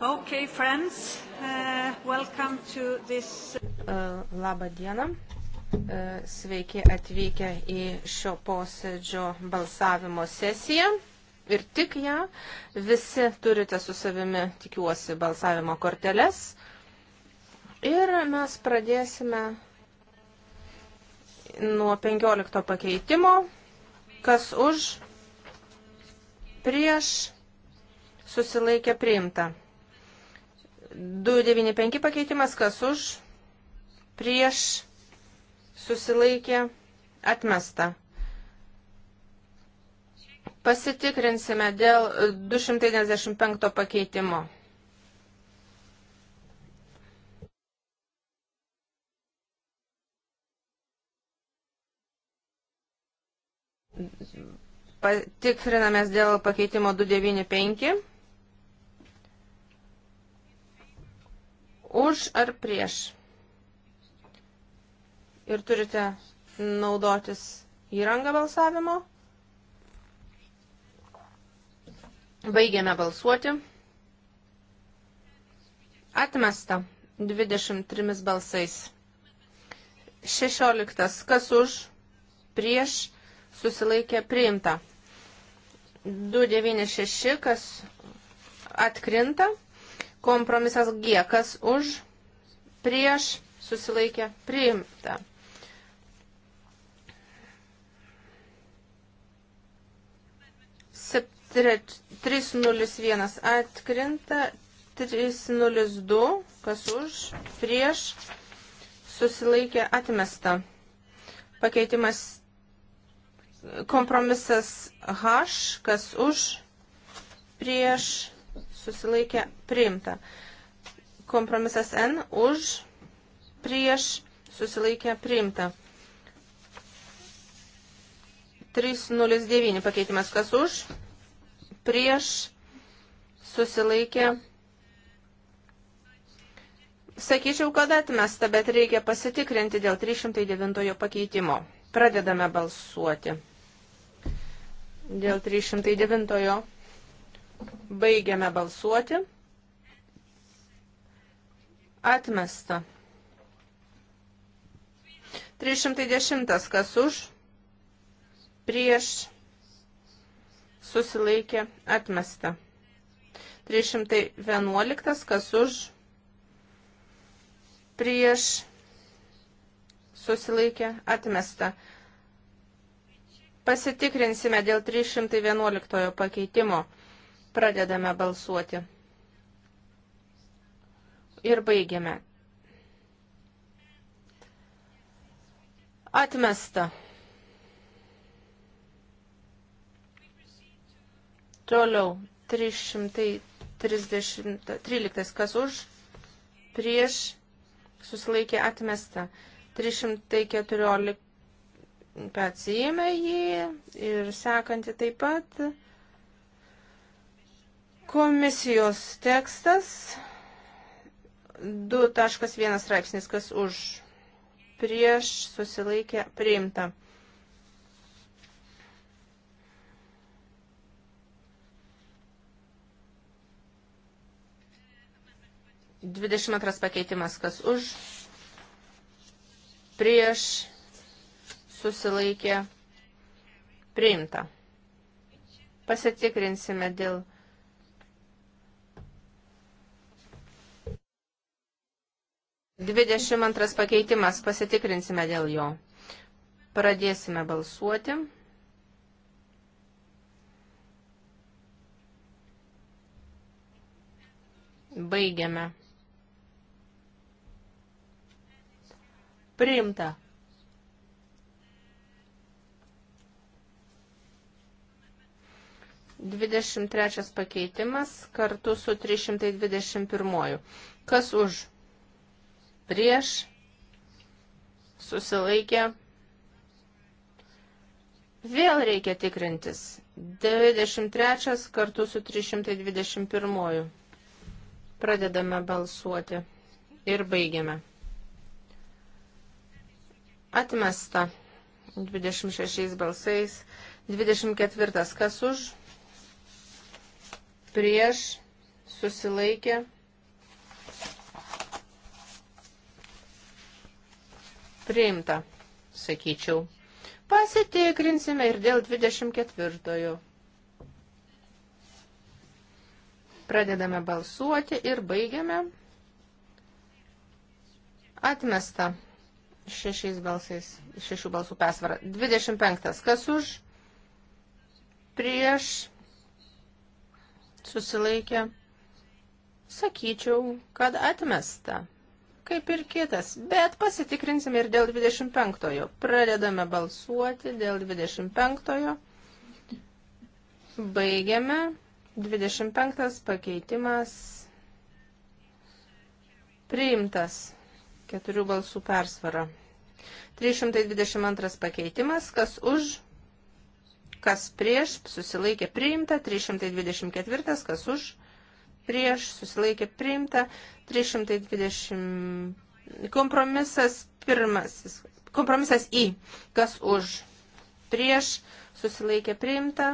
Okay, friends, uh, welcome to this. Uh, Labą dieną. Uh, sveiki atvykę į šio posėdžio balsavimo sesiją. Ir tik ją. Visi turite su savimi, tikiuosi, balsavimo korteles. Ir mes pradėsime nuo 15 pakeitimo. Kas už? Prieš susilaikė priimta. 295 pakeitimas, kas už, prieš, susilaikė, atmesta. Pasitikrinsime dėl 295 pakeitimo. Patikrinamės dėl pakeitimo 295. už ar prieš. Ir turite naudotis įrangą balsavimo. Baigiame balsuoti. Atmesta 23 balsais. 16. Kas už, prieš, susilaikė priimta. 296. Kas atkrinta. Kompromisas G, kas už, prieš, susilaikė, priimta. Sept, 301 atkrinta, 302, kas už, prieš, susilaikė, atmesta. Pakeitimas kompromisas H, kas už, prieš, susilaikė priimta. Kompromisas N už, prieš, susilaikė priimta. 309 pakeitimas kas už, prieš, susilaikė. Sakyčiau, kad atmesta, bet reikia pasitikrinti dėl 309 pakeitimo. Pradedame balsuoti. Dėl 309 pakeitimo. Baigiame balsuoti. Atmesta. 310 kas už, prieš, susilaikė, atmesta. 311 kas už, prieš, susilaikė, atmesta. Pasitikrinsime dėl 311 pakeitimo. Pradedame balsuoti. Ir baigiame. Atmesta. Toliau. 313. Kas už? Prieš. Susilaikė atmesta. 314 atsijėmė jį ir sekantį taip pat Komisijos tekstas 2.1 straipsnis, kas už prieš susilaikė priimta. Dvidešimt antras pakeitimas, kas už, prieš, susilaikė, priimta. Pasitikrinsime dėl 2.1. 22 pakeitimas, pasitikrinsime dėl jo. Pradėsime balsuoti. Baigiame. Priimta. Dvidešimt trečias pakeitimas kartu su 321. Kas už? prieš, susilaikė. Vėl reikia tikrintis. 93 kartu su 321. Pradedame balsuoti ir baigiame. Atmesta 26 balsais. 24. Kas už? Prieš susilaikė. Priimta, sakyčiau. Pasitikrinsime ir dėl 24. Pradedame balsuoti ir baigiame. Atmesta šešiais balsais, šešių balsų persvara. 25. Kas už? Prieš susilaikė. Sakyčiau, kad atmesta kaip ir kitas, bet pasitikrinsime ir dėl 25-ojo. Pradedame balsuoti dėl 25-ojo. Baigiame. 25 pakeitimas priimtas keturių balsų persvara. 322 pakeitimas, kas už, kas prieš, susilaikė priimta, 324, kas už, prieš, susilaikė priimta, 320. Kompromisas pirmasis, kompromisas į, kas už, prieš, susilaikė priimta,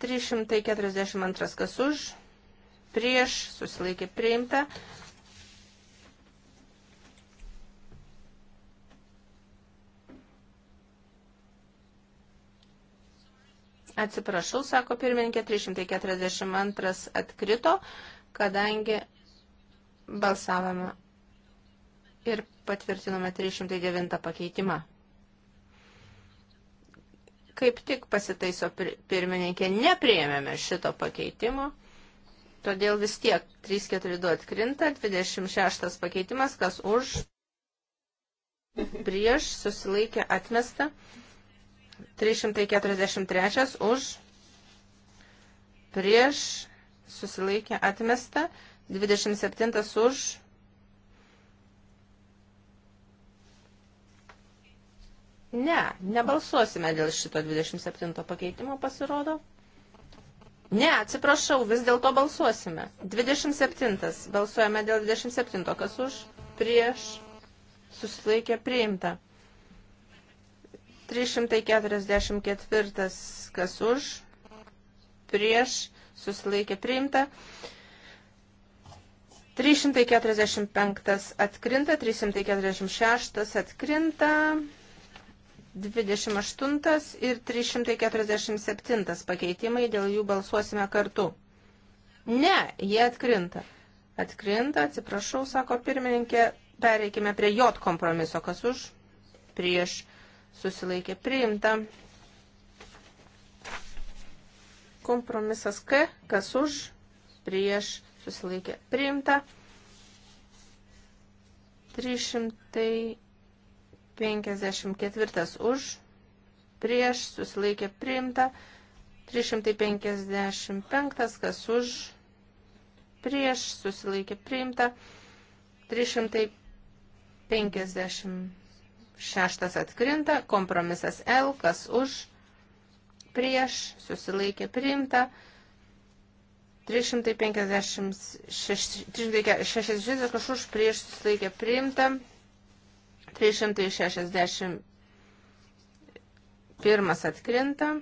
342 kas už, prieš, susilaikė priimta, 343 Atsiprašau, sako pirmininkė, 342 atkrito, kadangi balsavome ir patvirtinome 309 pakeitimą. Kaip tik pasitaiso pirmininkė, nepriėmėme šito pakeitimo, todėl vis tiek 342 atkrinta, 26 pakeitimas, kas už, prieš, susilaikė, atmesta. 343 už, prieš, susilaikė, atmesta, 27 už, ne, nebalsuosime dėl šito 27 pakeitimo pasirodo. Ne, atsiprašau, vis dėlto balsuosime. 27. Balsuojame dėl 27. Kas už? Prieš. Susilaikė priimta. 344 kas už, prieš, susilaikė priimta. 345 atkrinta, 346 atkrinta, 28 ir 347 pakeitimai, dėl jų balsuosime kartu. Ne, jie atkrinta. Atkrinta, atsiprašau, sako pirmininkė, pereikime prie J kompromiso, kas už, prieš, susilaikė priimta. Kompromisas K, kas už, prieš, susilaikė priimta. 354 už, prieš, susilaikė priimta. 355, kas už, prieš, susilaikė priimta. 356 šeštas atkrinta, kompromisas L, kas už, prieš, susilaikė priimta, 356, 360, kas už, prieš, susilaikė priimta, 361 atkrinta,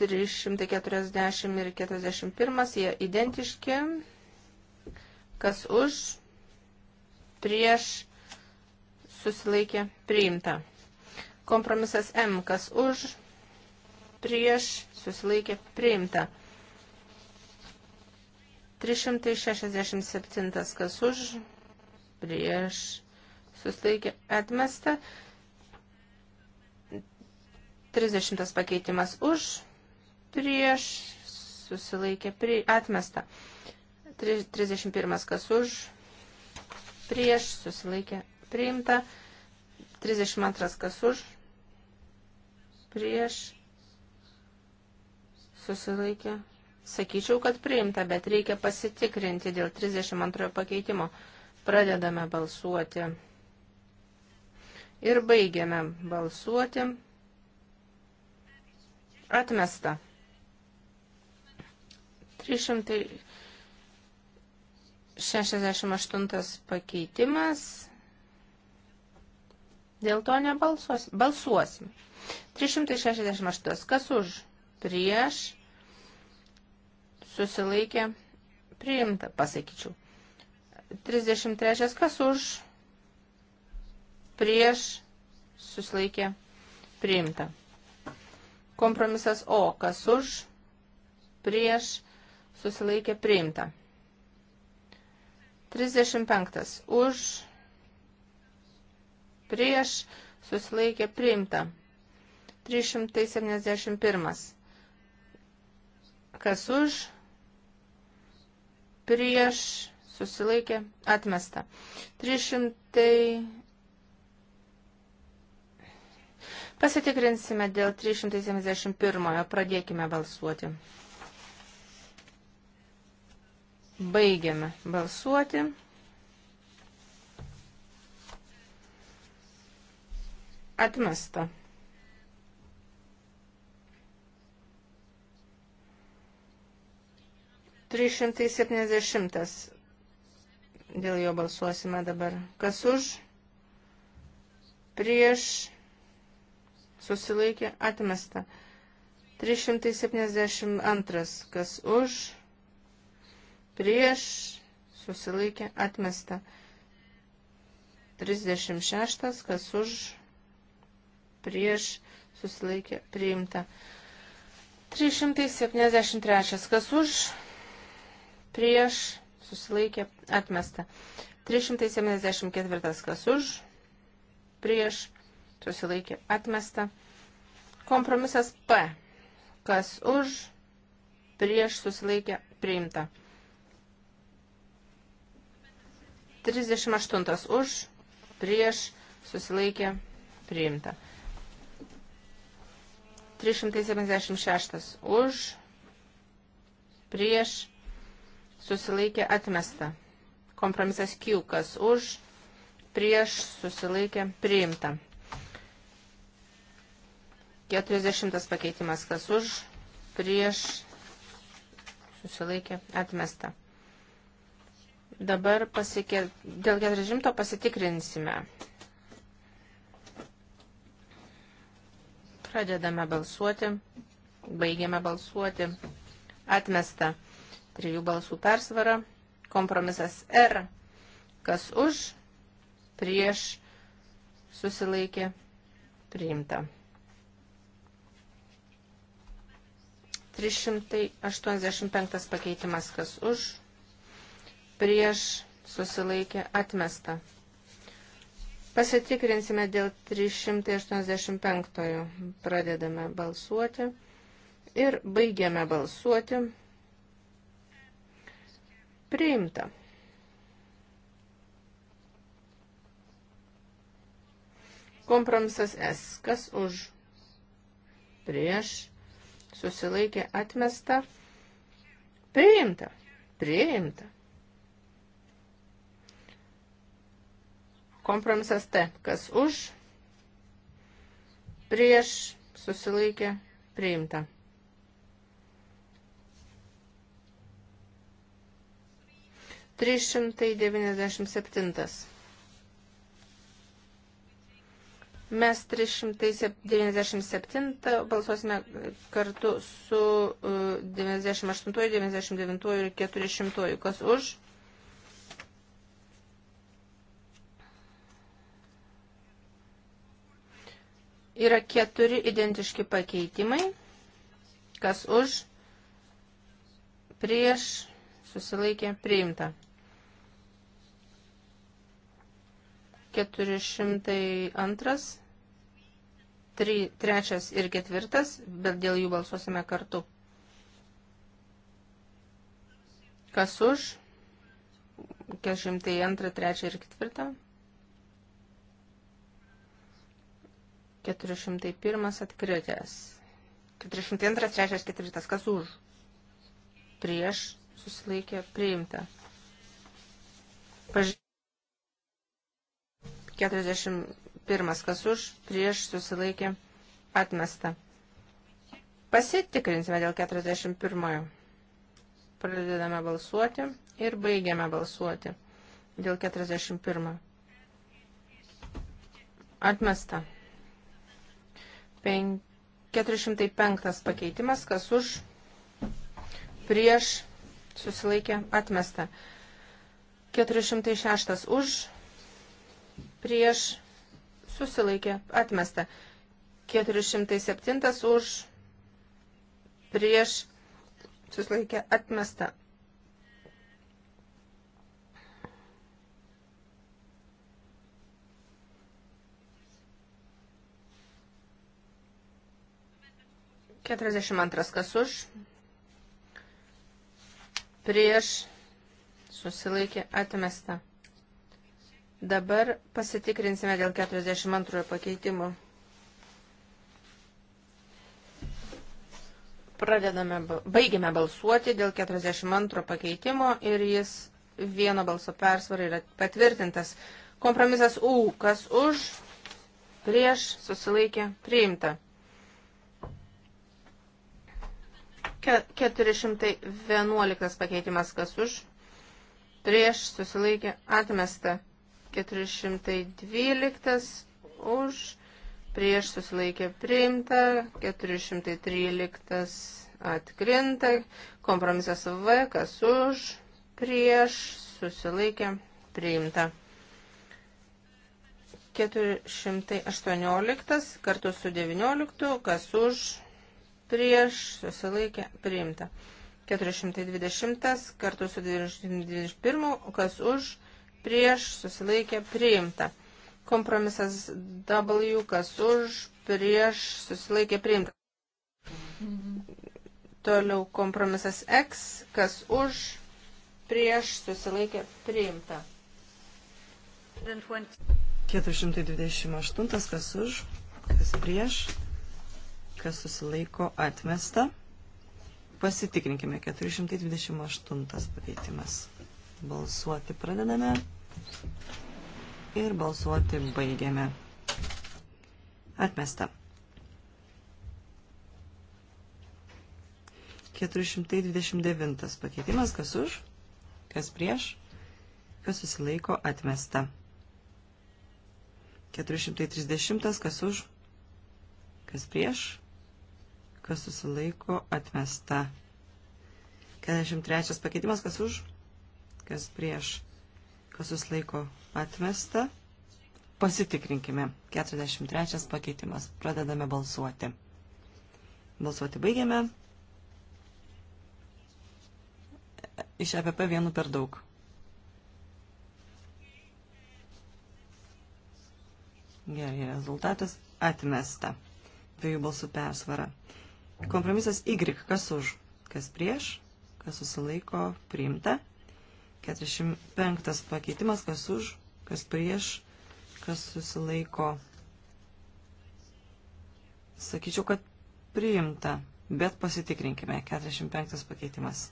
340 ir 41 jie identiški, kas už, prieš, susilaikė priimta. Kompromisas M, kas už, prieš, susilaikė priimta. 367, kas už, prieš, susilaikė atmesta. 30 pakeitimas už, prieš, susilaikė pri, atmesta. 31 kas už, prieš, susilaikė priimta. 32 kas už, prieš, susilaikė. Sakyčiau, kad priimta, bet reikia pasitikrinti dėl 32 pakeitimo. Pradedame balsuoti. Ir baigiame balsuoti. Atmesta. 368 pakeitimas. Dėl to nebalsuosim. Balsuosim. 368. Kas už? Prieš. Susilaikė. Priimta, pasakyčiau. 33. Kas už? Prieš. Susilaikė. Priimta. Kompromisas O. Kas už? Prieš. Susilaikė. Priimta. 35. Už prieš, susilaikė priimta. 371. Kas už, prieš, susilaikė, atmesta. 300. Pasitikrinsime dėl 371. Pradėkime balsuoti. Baigiame balsuoti. Atmesta. Trys šimtai septyniasdešimtas. Dėl jo balsuosime dabar. Kas už? Prieš susilaikė atmesta. 372. Kas už, prieš, susilaikė atmesta. 36. Kas už, prieš susilaikė priimta. 373. Kas už prieš susilaikė atmesta. 374. Kas už prieš susilaikė atmesta. Kompromisas P. Kas už prieš susilaikė priimta. 38 už, prieš, susilaikė, priimta. 376 už, prieš, susilaikė atmesta. Kompromisas Q, kas už, prieš, susilaikė priimta. 40 pakeitimas, kas už, prieš, susilaikė atmesta. Dabar pasikė... dėl 40 pasitikrinsime. Pradedame balsuoti. Baigiame balsuoti. Atmesta. Trijų balsų persvara. Kompromisas R. Kas už? Prieš. Susilaikė. Priimta. 385 pakeitimas. Kas už? Prieš. Susilaikė. Atmesta. Pasitikrinsime dėl 385-ojo. Pradedame balsuoti ir baigiame balsuoti. Priimta. Kompromisas S. Kas už? Prieš. Susilaikė atmesta. Priimta. Priimta. Kompromisas T. Kas už, prieš, susilaikė, priimta. 397. Mes 397 balsuosime kartu su 98, uh, 99 ir 400. Kas už? Yra keturi identiški pakeitimai. Kas už, prieš, susilaikė, priimta. 402, 3, 3 ir 4, bet dėl jų balsuosime kartu. Kas už? 402, 3 ir 4. 401 atkritęs. 402, 3, 4, kas už? Prieš susilaikė priimta. Paž... 41, kas už? Prieš susilaikė atmesta. Pasitikrinsime dėl 41. Pradedame balsuoti ir baigiame balsuoti dėl 41. Atmesta. 5, 405 pakeitimas, kas už, prieš, susilaikė, atmesta. 406 už, prieš, susilaikė, atmesta. 407 už, prieš, susilaikė, atmesta. 42 kas už, prieš susilaikė atmesta. Dabar pasitikrinsime dėl 42 pakeitimo. Pradedame, baigime balsuoti dėl 42 pakeitimo ir jis vieno balso persvarai yra patvirtintas. Kompromisas U, kas už, prieš, susilaikė, priimta. 411 pakeitimas kas už, prieš susilaikė atmesta. 412 už, prieš susilaikė priimta, 413 atkrinta, kompromisas V, kas už, prieš susilaikė priimta. 418 kartu su 19, kas už, prieš, susilaikė, priimta. 420 kartu su 221, kas už, prieš, susilaikė, priimta. Kompromisas W, kas už, prieš, susilaikė, priimta. Toliau kompromisas X, kas už, prieš, susilaikė, priimta. 428, kas už, kas prieš, kas susilaiko atmesta. Pasitikrinkime 428 pakeitimas. Balsuoti pradedame ir balsuoti baigiame. Atmesta. 429 pakeitimas, kas už, kas prieš, kas susilaiko atmesta. 430, kas už, kas prieš, kas susilaiko atmesta. 43 pakeitimas, kas už, kas prieš, kas susilaiko atmesta. Pasitikrinkime. 43 pakeitimas. Pradedame balsuoti. Balsuoti baigiame. Iš EPP vienu per daug. Gerai, rezultatas atmesta. Dviejų balsų persvara. Kompromisas Y. Kas už? Kas prieš? Kas susilaiko? Priimta. 45 pakeitimas. Kas už? Kas prieš? Kas susilaiko? Sakyčiau, kad priimta, bet pasitikrinkime. 45 pakeitimas.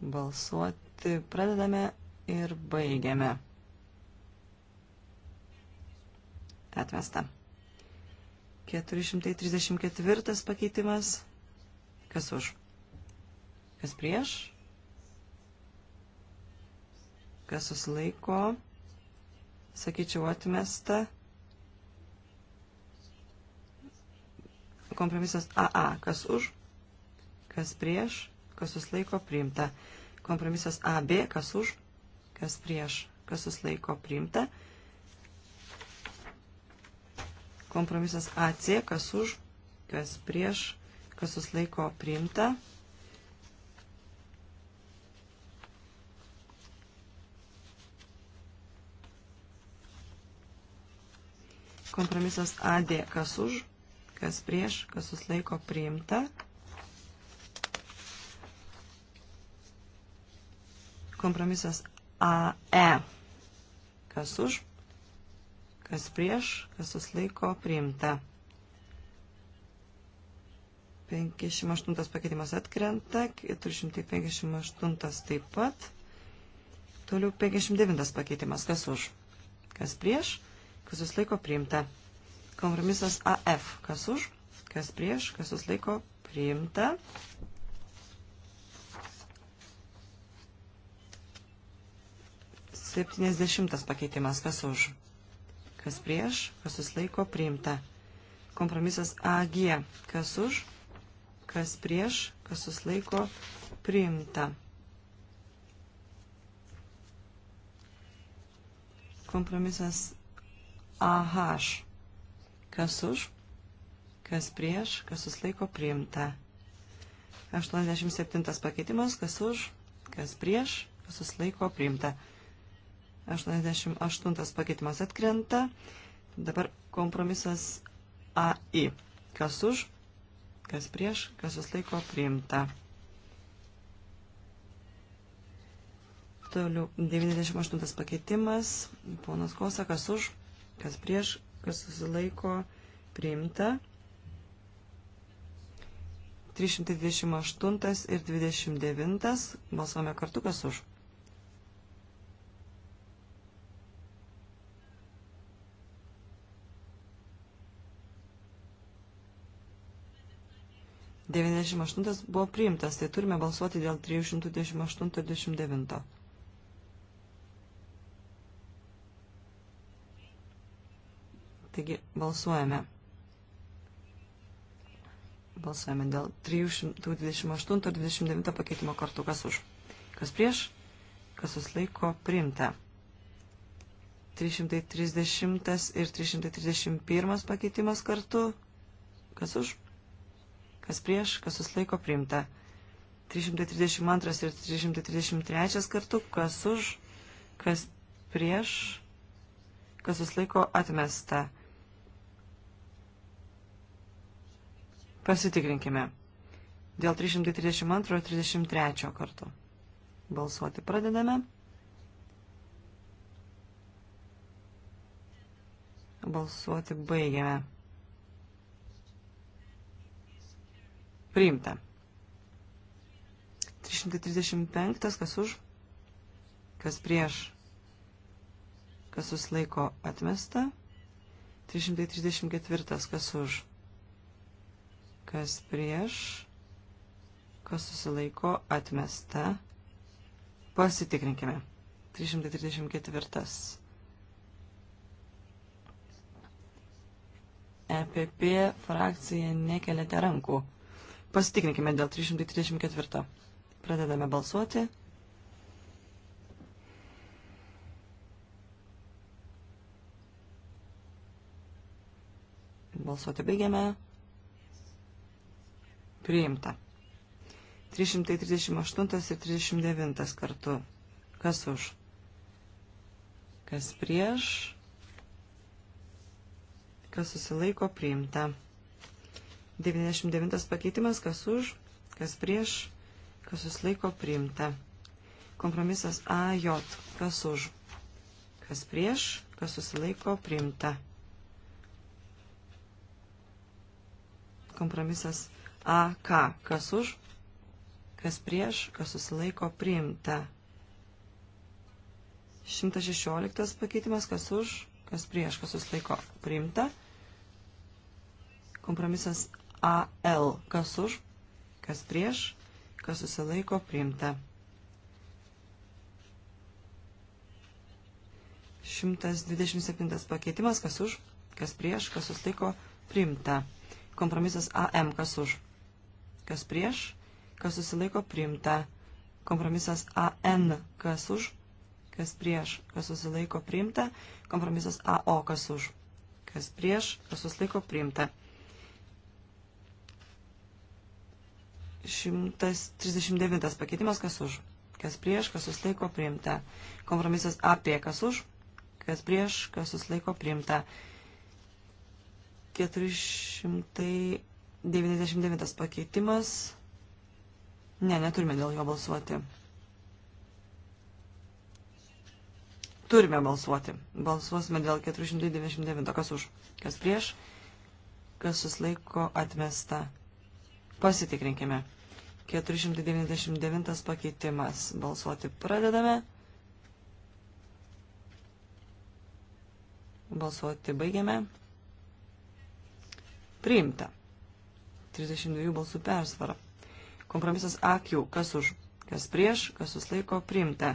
Balsuoti pradedame ir baigiame. Atvesta. 434 pakeitimas. Kas už? Kas prieš? Kas susilaiko? Sakyčiau, atmesta. Kompromisas AA. Kas už? Kas prieš? Kas susilaiko? Priimta. Kompromisas AB. Kas už? Kas prieš? Kas susilaiko? Priimta. Kompromisas AC, kas už, kas prieš, kas susilaiko priimta. Kompromisas AD, kas už, kas prieš, kas susilaiko priimta. Kompromisas AE, kas už, kas prieš, kas susilaiko priimta. 58 pakeitimas atkrenta, 458 taip pat. Toliau 59 pakeitimas, kas už, kas prieš, kas susilaiko priimta. Kompromisas AF, kas už, kas prieš, kas susilaiko priimta. Septyniasdešimtas pakeitimas, kas už, kas prieš, kas susilaiko priimta. Kompromisas AG, kas už, kas prieš, kas susilaiko priimta. Kompromisas AH, kas už, kas prieš, kas susilaiko priimta. 87 pakeitimas, kas už, kas prieš, kas susilaiko priimta. 88 pakeitimas atkrenta. Dabar kompromisas AI. Kas už, kas prieš, kas vis laiko priimta. Toliau 98 pakeitimas. Ponas Kosa, kas už, kas prieš, kas susilaiko priimta. 328 ir 29 balsuome kartu, kas už 328 buvo priimtas, tai turime balsuoti dėl 328 ir 29. Taigi balsuojame. Balsuojame dėl 328 ir 29 pakeitimo kartu, kas už. Kas prieš, kas susilaiko priimta. 330 ir 331 pakeitimas kartu, kas už kas prieš, kas susilaiko priimta. 332 ir 333 kartu, kas už, kas prieš, kas susilaiko atmesta. Pasitikrinkime. Dėl 332 ir 33 kartu. Balsuoti pradedame. Balsuoti baigiame. Priimta. 335, kas už, kas prieš, kas susilaiko atmesta. 334, kas už, kas prieš, kas susilaiko atmesta. Pasitikrinkime. 334. EPP frakcija nekelėte rankų. Pasitikrinkime dėl 334. Pradedame balsuoti. Balsuoti baigiame. Priimta. 338 ir 39 kartu. Kas už? Kas prieš? Kas susilaiko priimta. 99 pakeitimas, kas už, kas prieš, kas susilaiko priimta. Kompromisas AJ, kas už, kas prieš, kas susilaiko priimta. Kompromisas AK, kas už, kas prieš, kas susilaiko priimta. 116 pakeitimas, kas už, kas prieš, kas susilaiko priimta. Kompromisas AL. Kas už, kas prieš, kas susilaiko priimta. 127 pakeitimas, kas už, kas prieš, kas susilaiko priimta. Kompromisas AM, kas už, kas prieš, kas susilaiko priimta. Kompromisas AN, kas už, kas prieš, kas susilaiko priimta, kompromisas AO, kas už, kas prieš, kas susilaiko priimta. 139 pakeitimas, kas už, kas prieš, kas susilaiko priimta. Kompromisas apie, kas už, kas prieš, kas susilaiko priimta. 499 pakeitimas. Ne, neturime dėl jo balsuoti. Turime balsuoti. Balsuosime dėl 499. Kas už? Kas prieš? Kas susilaiko atmesta? Pasitikrinkime. 499 pakeitimas. Balsuoti pradedame. Balsuoti baigiame. Priimta. 32 balsų persvara. Kompromisas AQ. Kas už? Kas prieš? Kas suslaiko? Priimta.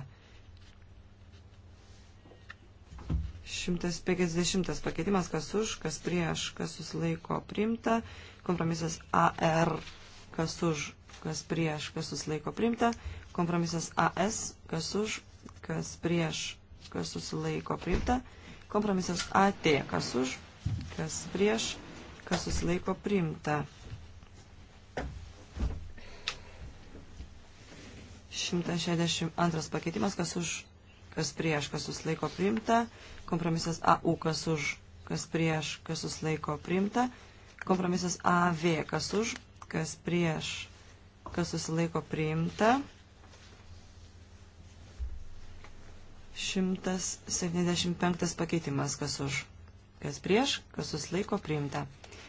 150 pakeitimas, kas už, kas prieš, kas susilaiko priimta. Kompromisas AR, kas už, kas prieš, kas susilaiko priimta. Kompromisas AS, kas už, kas prieš, kas susilaiko priimta. Kompromisas AT, kas už, kas prieš, kas susilaiko priimta. 162 pakeitimas, kas už, kas prieš, kas susilaiko priimta, kompromisas AU, kas už, kas prieš, kas susilaiko priimta, kompromisas AV, kas už, kas prieš, kas susilaiko priimta. 175 pakeitimas, kas už, kas prieš, kas susilaiko priimta.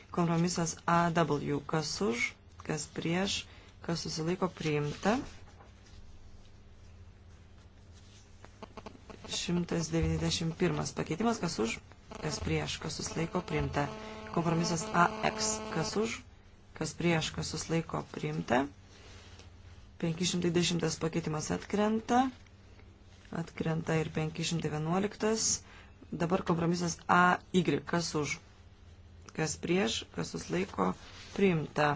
Kompromisas AW, kas už, kas prieš, kas susilaiko priimta. 191 pakeitimas, kas už, kas prieš, kas susilaiko priimta. Kompromisas AX, kas už, kas prieš, kas susilaiko priimta. 510 pakeitimas atkrenta, atkrenta ir 511. Dabar kompromisas AY, kas už, kas prieš, kas susilaiko priimta.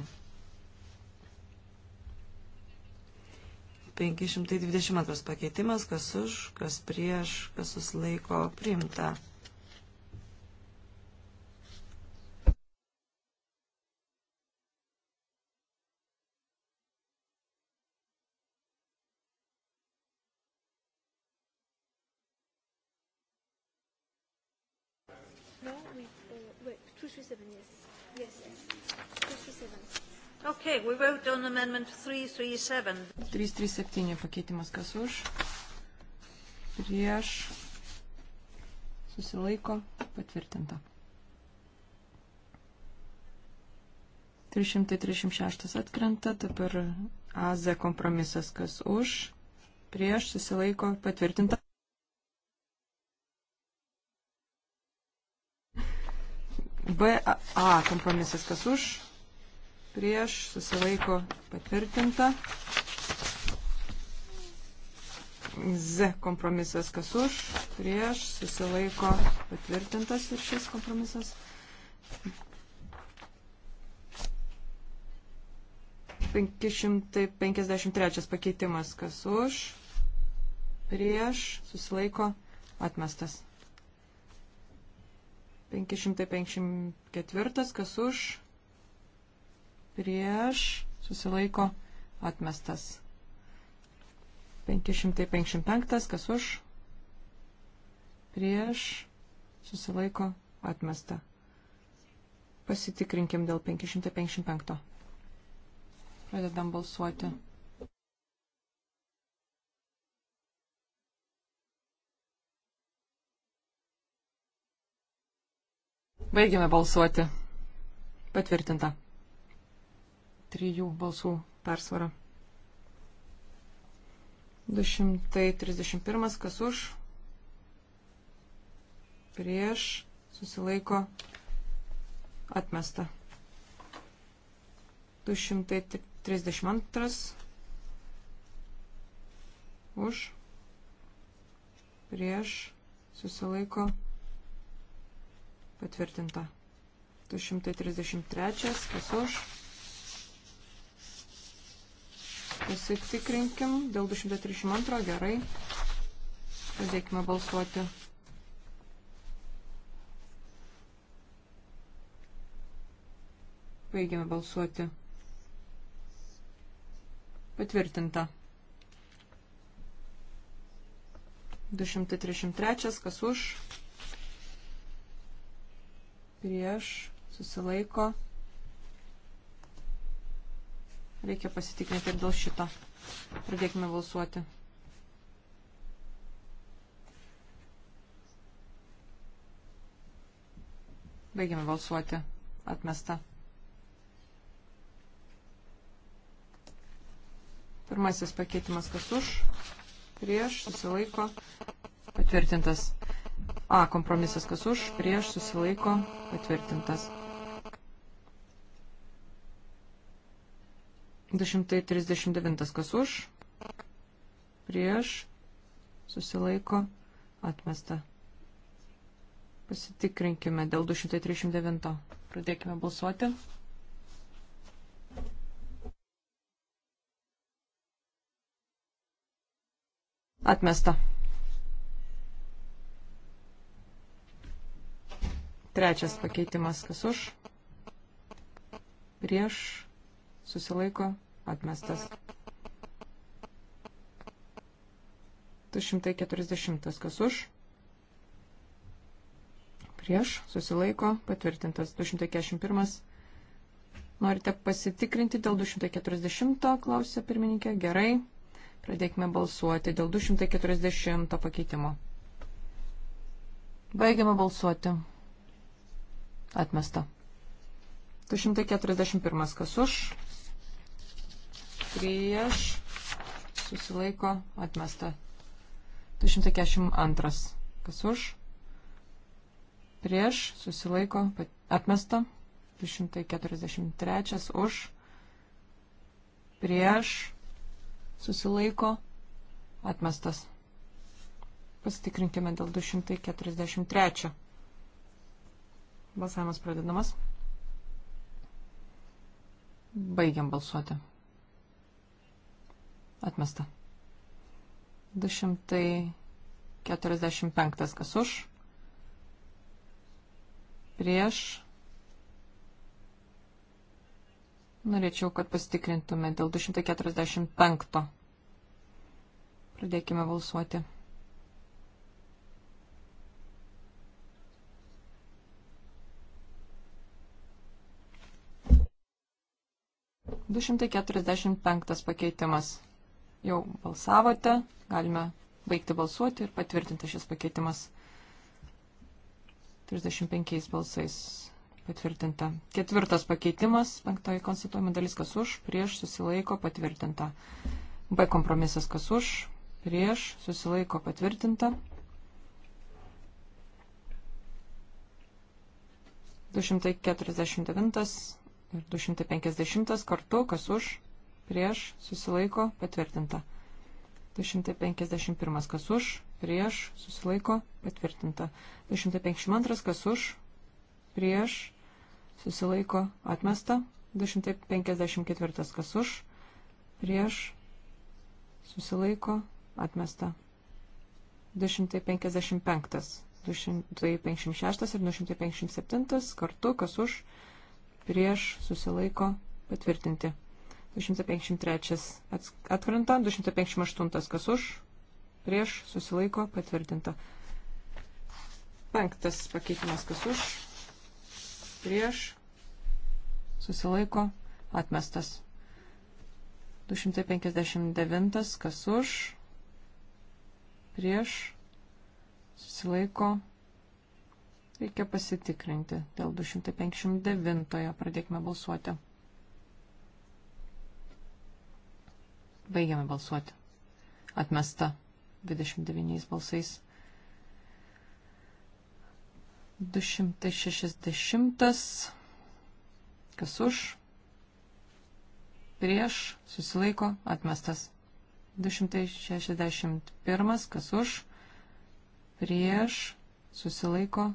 522 pakeitimas, kas už, kas prieš, kas susilaiko priimta. No, we, uh, wait, 237, yes. Yes, yes. 237. Okay, we vote on amendment 337. 337 pakeitimas kas už, prieš, susilaiko, patvirtinta. 336 atkrenta, dabar AZ kompromisas kas už, prieš, susilaiko, patvirtinta. BA kompromisas kas už, prieš, susilaiko patvirtinta. Z kompromisas kas už, prieš, susilaiko patvirtintas ir šis kompromisas. 553 pakeitimas kas už, prieš, susilaiko atmestas. 554 kas už, prieš, susilaiko, atmestas. 555, kas už, prieš, susilaiko, atmesta. Pasitikrinkim dėl 555. Pradedam balsuoti. Baigime balsuoti. Patvirtinta trijų balsų persvara. 231, kas už, prieš, susilaiko, atmesta. 232, už, prieš, susilaiko, patvirtinta. 233, kas už, prieš Pasitikrinkim dėl 232, gerai. Pradėkime balsuoti. Baigėme balsuoti. Patvirtinta. 233, kas už, prieš, susilaiko, Reikia pasitikrinti ir dėl šito. Pradėkime balsuoti. Baigime balsuoti. Atmesta. Pirmasis pakeitimas kas už, prieš, susilaiko, patvirtintas. A kompromisas kas už, prieš, susilaiko, patvirtintas. 239 kas už, prieš, susilaiko, atmesta. Pasitikrinkime dėl 239. Pradėkime balsuoti. Atmesta. Trečias pakeitimas, kas už, prieš, susilaiko, atmestas. 240 kas už, prieš, susilaiko, patvirtintas. 241. Norite pasitikrinti dėl 240, klausė pirmininkė. Gerai, pradėkime balsuoti dėl 240 pakeitimo. Baigiame balsuoti. Atmesta. 241 kas už, prieš, susilaiko, atmesta. 242, kas už, prieš, susilaiko, atmesta. 243, už, prieš, susilaiko, atmestas. Pasitikrinkime dėl 243. Balsavimas pradedamas. Baigiam balsuoti. Atmesta. 245 kas už. Prieš. Norėčiau, kad pasitikrintume dėl 245. Pradėkime balsuoti. Du šimtai keturiasdešimt penktas pakeitimas jau balsavote, galime baigti balsuoti ir patvirtinti šis pakeitimas. 35 balsais patvirtinta. Ketvirtas pakeitimas, penktoji konstatuojama dalis, kas už, prieš susilaiko patvirtinta. B kompromisas, kas už, prieš susilaiko patvirtinta. 249 ir 250 kartu, kas už, prieš, susilaiko, patvirtinta. 251 kas už, prieš, susilaiko, patvirtinta. 252 kas už, prieš, susilaiko, atmesta. 254 kas už, prieš, susilaiko, atmesta. 255, 256 ir 257 kartu kas už, prieš, susilaiko, patvirtinti. 253 atkrenta, 258 kas už, prieš, susilaiko, patvirtinta. Penktas pakeitimas kas už, prieš, susilaiko, atmestas. 259 kas už, prieš, susilaiko, reikia pasitikrinti dėl 259, pradėkime balsuoti. Baigiame balsuoti. Atmesta 29 balsais. 260. Kas už? Prieš susilaiko atmestas. 261. Kas už? Prieš susilaiko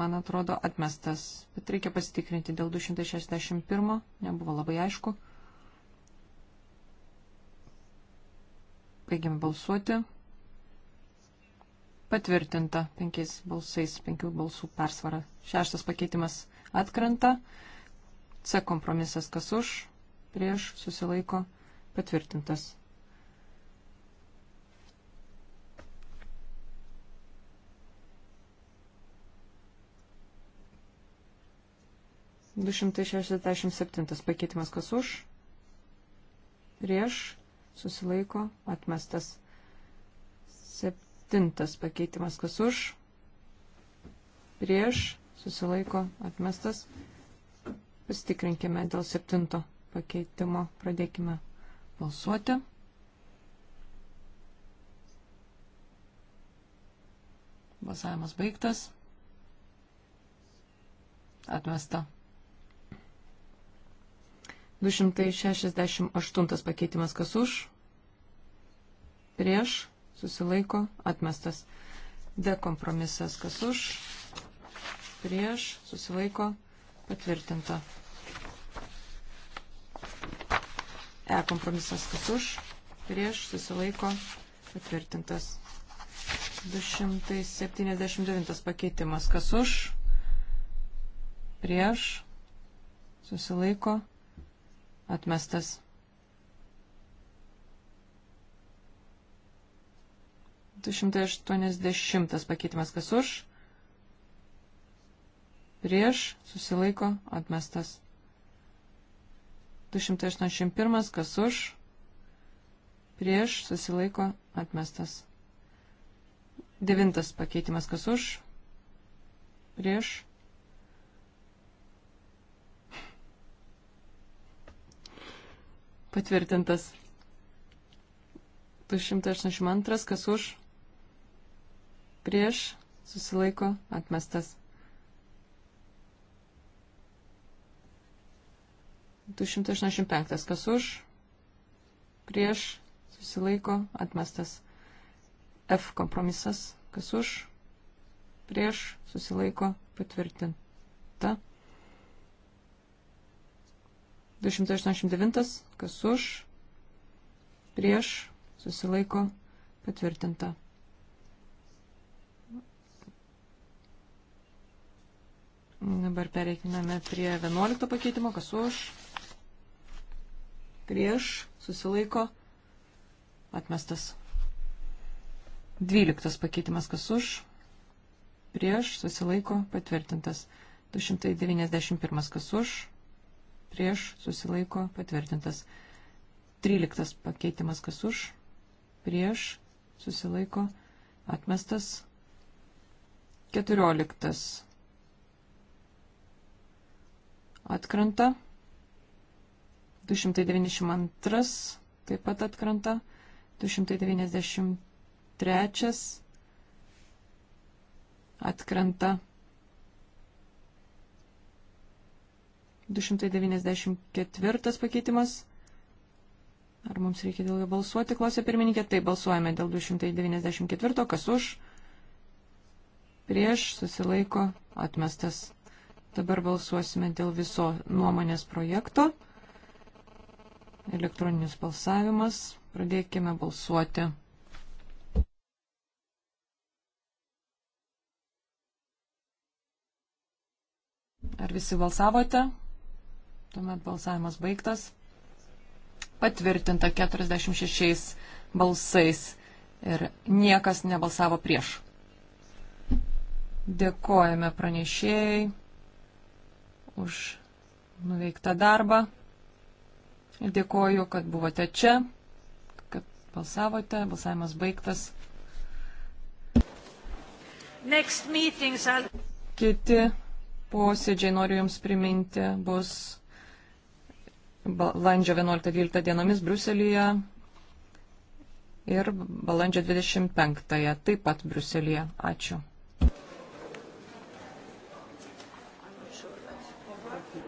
man atrodo, atmestas. Bet reikia pasitikrinti dėl 261, nebuvo labai aišku. Baigiam balsuoti. Patvirtinta penkiais balsais, penkių balsų persvara. Šeštas pakeitimas atkrenta. C kompromisas kas už, prieš, susilaiko, patvirtintas. 267 pakeitimas kas už, prieš, susilaiko, atmestas. Septintas pakeitimas kas už, prieš, susilaiko, atmestas. Pasitikrinkime dėl septinto pakeitimo, pradėkime balsuoti. Balsavimas baigtas. Atmesta. 268 pakeitimas kas už, prieš, susilaiko, atmestas. D kompromisas kas už, prieš, susilaiko, patvirtinta. E kompromisas kas už, prieš, susilaiko, patvirtintas. 279 pakeitimas kas už, prieš, susilaiko, atmestas. Du šimtai aštuoniasdešimtas pakeitimas kas už, prieš, susilaiko, atmestas. 281 kas už, prieš, susilaiko, atmestas. Devintas pakeitimas kas už, prieš, Patvirtintas. 282, kas už, prieš, susilaiko, atmestas. 285, kas už, prieš, susilaiko, atmestas. F kompromisas, kas už, prieš, susilaiko, patvirtinta. 289, kas už, prieš, susilaiko, patvirtinta. Dabar pereikime prie 11 pakeitimo, kas už, prieš, susilaiko, atmestas. 12 pakeitimas, kas už, prieš, susilaiko, patvirtintas. 291 kas už, prieš susilaiko patvirtintas. 13 pakeitimas kas už, prieš susilaiko atmestas. 14 atkrenta. 292 taip pat atkrenta. 293 atkrenta. 294 pakeitimas. Ar mums reikia dėl jo balsuoti, klausė pirmininkė. Taip, balsuojame dėl 294, kas už, prieš, susilaiko, atmestas. Dabar balsuosime dėl viso nuomonės projekto. Elektroninis balsavimas. Pradėkime balsuoti. Ar visi balsavote? Tuomet balsavimas baigtas. Patvirtinta 46 balsais ir niekas nebalsavo prieš. Dėkojame pranešėjai už nuveiktą darbą. Ir dėkoju, kad buvote čia, kad balsavote. Balsavimas baigtas. Kiti posėdžiai, noriu Jums priminti, bus balandžio 11-12 dienomis Bruselėje ir balandžio 25 taip pat Bruselėje. Ačiū.